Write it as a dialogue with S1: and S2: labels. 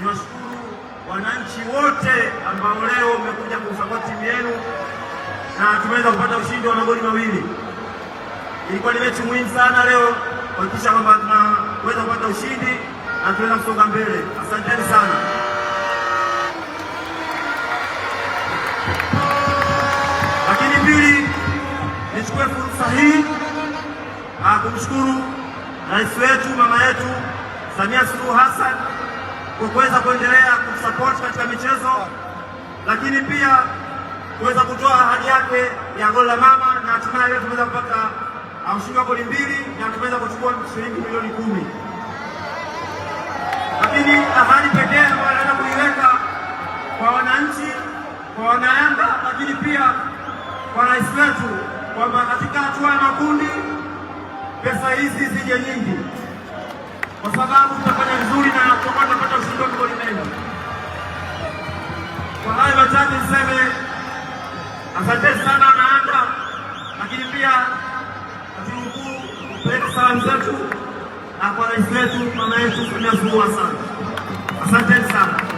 S1: niwashukuru wananchi wote ambao leo mmekuja kusapoti timu yenu na tumeweza kupata ushindi wa magoli mawili. Ilikuwa ni mechi muhimu sana leo kuhakikisha kwamba tunaweza kupata ushindi na tunaweza kusonga mbele. Asanteni sana. Lakini pili, nichukue fursa hii ah, kumshukuru rais wetu mama yetu Samia Suluhu Hassan kwa kuweza kuendelea kumsupport katika michezo, lakini pia kuweza kutoa ahadi yake ya goli la mama, na hatimaye leo tumeweza kupata uh, ushindi wa goli mbili na tumeweza kuchukua shilingi milioni kumi. Lakini ahadi pekee ambayo anaweza kuiweka kwa wananchi, kwa wanayanga, lakini pia kwa rais wetu kwamba katika hatua ya makundi pesa hizi zije nyingi kwa sababu wachache niseme asante sana anda lakini pia waziri kupeleka tupeleke salamu zetu na kwa rais wetu mama yetu Samia Suluhu Hassan. Asanteni sana.